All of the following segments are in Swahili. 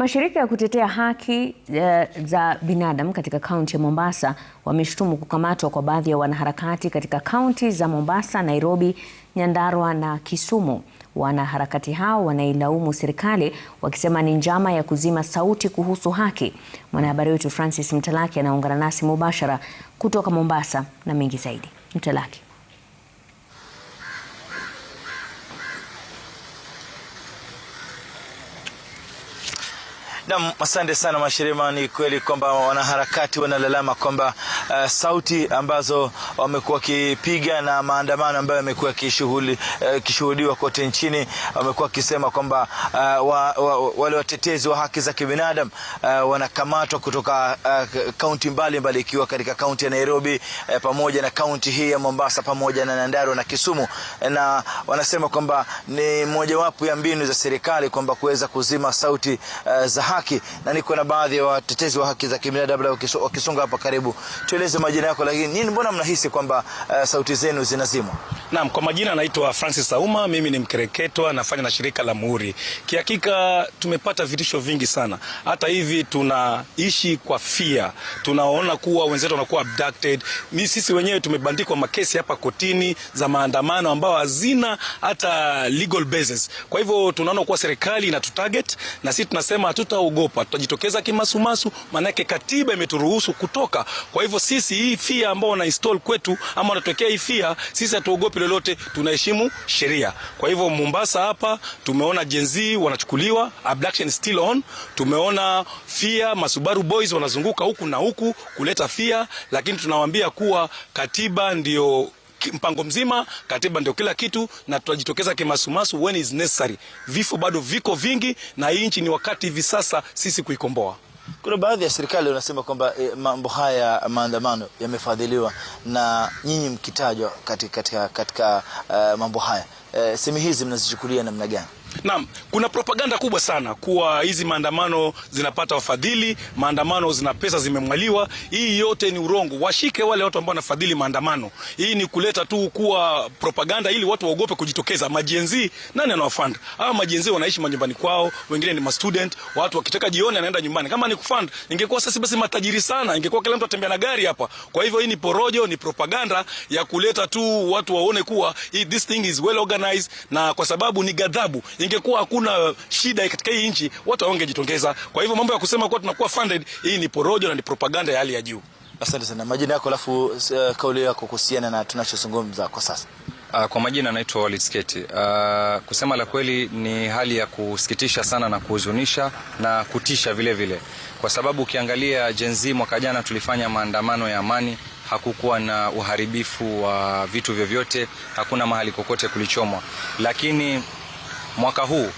Mashirika ya kutetea haki e, za binadamu katika kaunti ya Mombasa wameshutumu kukamatwa kwa baadhi ya wanaharakati katika kaunti za Mombasa, Nairobi, Nyandarua na Kisumu. Wanaharakati hao wanailaumu serikali wakisema ni njama ya kuzima sauti kuhusu haki. Mwanahabari wetu Francis Mtalaki anaungana nasi mubashara kutoka Mombasa na mengi zaidi. Mtalaki. Nam, asante sana Mashirima. Ni kweli kwamba wanaharakati wanalalama kwamba uh, sauti ambazo wamekuwa wakipiga na maandamano ambayo yamekuwa yakishuhudiwa eh, uh, kote nchini wamekuwa wakisema kwamba uh, wa, wa, wale watetezi wa haki za kibinadamu uh, wanakamatwa kutoka kaunti uh, mbalimbali ikiwa katika kaunti ya Nairobi uh, pamoja na kaunti hii ya Mombasa pamoja na Nyandarua na Kisumu, na wanasema kwamba ni mojawapo ya mbinu za serikali kwamba kuweza kuzima sauti uh, za haki haki, na niko na baadhi ya watetezi wa haki za kibinadamu wakisonga hapa karibu. Tueleze majina yako, lakini nini, mbona mnahisi kwamba uh, sauti zenu zinazimwa? Naam, kwa majina naitwa Francis Sauma, mimi ni mkereketwa, nafanya na shirika la Muhuri. Kihakika tumepata vitisho vingi sana, hata hivi tunaishi kwa fia, tunaona kuwa wenzetu wanakuwa abducted. Mimi sisi wenyewe tumebandikwa makesi hapa kotini za maandamano ambao hazina hata legal basis. Kwa hivyo tunaona kuwa serikali inatutarget na sisi tunasema hatuta hatutaogopa, tutajitokeza kimasumasu, maanake katiba imeturuhusu kutoka. Kwa hivyo sisi hii fia ambao install kwetu ama wanatokea hii fia, sisi hatuogopi lolote, tunaheshimu sheria. Kwa hivyo Mombasa hapa tumeona jenzi wanachukuliwa, abduction still on, tumeona fia masubaru boys wanazunguka huku na huku kuleta fia, lakini tunawaambia kuwa katiba ndio mpango mzima, katiba ndio kila kitu, na tutajitokeza kimasumasu when is necessary. Vifo bado viko vingi, na hii nchi ni wakati hivi sasa sisi kuikomboa. Kuna baadhi ya serikali wanasema kwamba e, mambo haya maandamano yamefadhiliwa na nyinyi mkitajwa katika, katika, katika uh, eh, mambo haya e, eh, sehemu hizi mnazichukulia namna gani? Naam, kuna propaganda kubwa sana kuwa hizi maandamano zinapata wafadhili, maandamano zina pesa zimemwaliwa. Hii yote ni urongo. Washike wale watu ambao wanafadhili maandamano. Hii ni kuleta tu kuwa propaganda ili watu waogope kujitokeza. Majenzi nani anawafund? Hawa majenzi wanaishi manyumbani kwao, wengine ni mastudent, watu wakitaka jioni anaenda nyumbani. Kama ni kufund, ingekuwa sasa basi matajiri sana, ingekuwa kila mtu atembea na gari hapa. Kwa hivyo hii ni porojo, ni propaganda ya kuleta tu watu waone kuwa this thing is well organized na kwa sababu ni ghadhabu ingekuwa hakuna uh, shida katika hii nchi, watu hawangejitongeza. Kwa hivyo mambo ya kusema kuwa tunakuwa funded, hii ni porojo na ni propaganda ya hali ya juu. Asante sana. Majina yako alafu uh, kauli yako kuhusiana na tunachozungumza kwa sasa. Uh, kwa majina naitwa Walid Sketi. Uh, kusema la kweli ni hali ya kusikitisha sana na kuhuzunisha na kutisha vile vile, kwa sababu ukiangalia Gen Z, mwaka jana tulifanya maandamano ya amani, hakukuwa na uharibifu wa vitu vyovyote, hakuna mahali kokote kulichomwa, lakini mwaka huu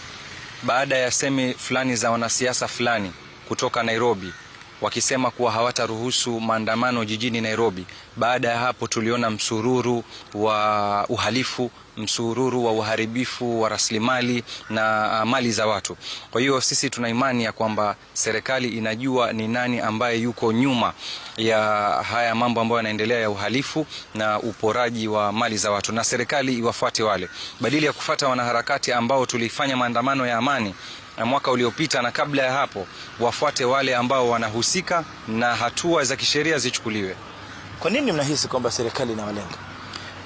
baada ya semi fulani za wanasiasa fulani kutoka Nairobi wakisema kuwa hawataruhusu maandamano jijini Nairobi. Baada ya hapo, tuliona msururu wa uhalifu, msururu wa uharibifu wa rasilimali na ah, mali za watu. Kwa hiyo sisi tuna imani ya kwamba serikali inajua ni nani ambaye yuko nyuma ya haya mambo ambayo yanaendelea ya uhalifu na uporaji wa mali za watu, na serikali iwafuate wale, badili ya kufuata wanaharakati ambao tulifanya maandamano ya amani mwaka uliopita na kabla ya hapo, wafuate wale ambao wanahusika na hatua za kisheria zichukuliwe. Kwa nini mnahisi kwamba serikali inawalenga?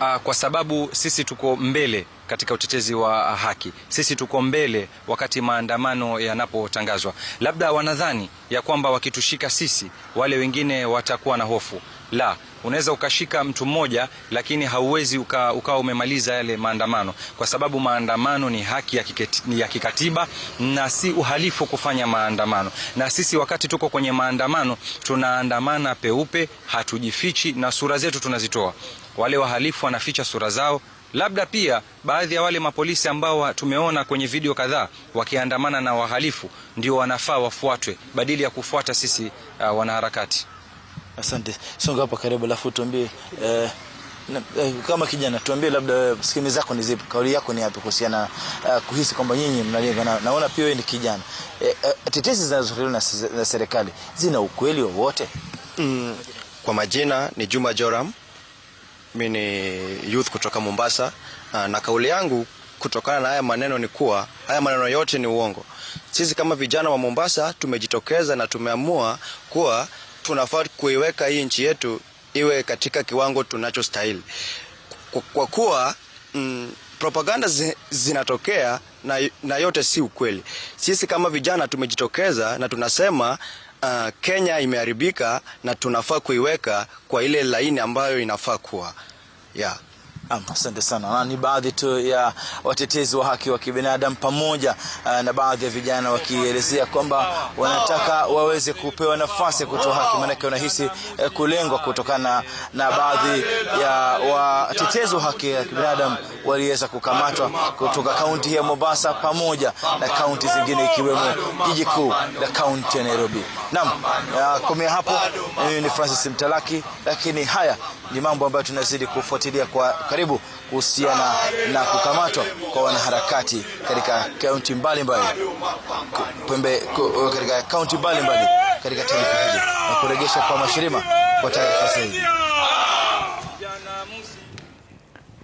Ah, kwa sababu sisi tuko mbele katika utetezi wa haki. Sisi tuko mbele wakati maandamano yanapotangazwa. Labda wanadhani ya kwamba wakitushika sisi wale wengine watakuwa na hofu. La, unaweza ukashika mtu mmoja, lakini hauwezi ukawa uka umemaliza yale maandamano, kwa sababu maandamano ni haki ya, kiketi, ya kikatiba na si uhalifu kufanya maandamano. Na sisi wakati tuko kwenye maandamano tunaandamana peupe, hatujifichi na sura zetu tunazitoa. Wale wahalifu wanaficha sura zao labda pia baadhi ya wale mapolisi ambao tumeona kwenye video kadhaa wakiandamana na wahalifu ndio wanafaa wafuatwe badili ya kufuata sisi uh, wanaharakati. Asante, songa hapa karibu, alafu tuambie eh, eh, kama kijana tuambie, labda skimi zako ni zipi? Kauli yako ni yapi kuhusiana na uh, eh, kuhisi kwamba nyinyi mnalenga na, naona pia wewe ni kijana eh, uh, tetesi zinazotolewa na, na serikali zina ukweli wowote? Mm, kwa majina ni Juma Joram, mimi ni youth kutoka Mombasa, na, na kauli yangu kutokana na haya maneno ni kuwa haya maneno yote ni uongo. Sisi kama vijana wa Mombasa tumejitokeza na tumeamua kuwa tunafaa kuiweka hii nchi yetu iwe katika kiwango tunachostahili, kwa kuwa mm, propaganda zinatokea na, na yote si ukweli. Sisi kama vijana tumejitokeza na tunasema uh, Kenya imeharibika na tunafaa kuiweka kwa ile laini ambayo inafaa kuwa yeah. Asante sana. Ni baadhi tu ya watetezi wa haki wa kibinadamu pamoja uh, na baadhi ya vijana wakielezea kwamba wanataka waweze kupewa nafasi ya kutoa haki, maanake wanahisi uh, kulengwa kutokana na baadhi ya watetezi wa haki ya kibinadamu waliweza kukamatwa kutoka kaunti ya Mombasa pamoja na kaunti zingine ikiwemo jiji kuu la kaunti ya Nairobi. Naam, uh, hapo. Mimi ni Francis Mtalaki, lakini haya ni mambo ambayo tunazidi kufuatilia kwa karibu kuhusiana na kukamatwa kwa wanaharakati katika kaunti mbalimbali pembe uh, katika kaunti mbalimbali katika taifa hili na kuregesha kwa mashirima kwa taarifa zaidi.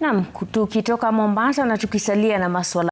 Naam, tukitoka Mombasa na tukisalia na masuala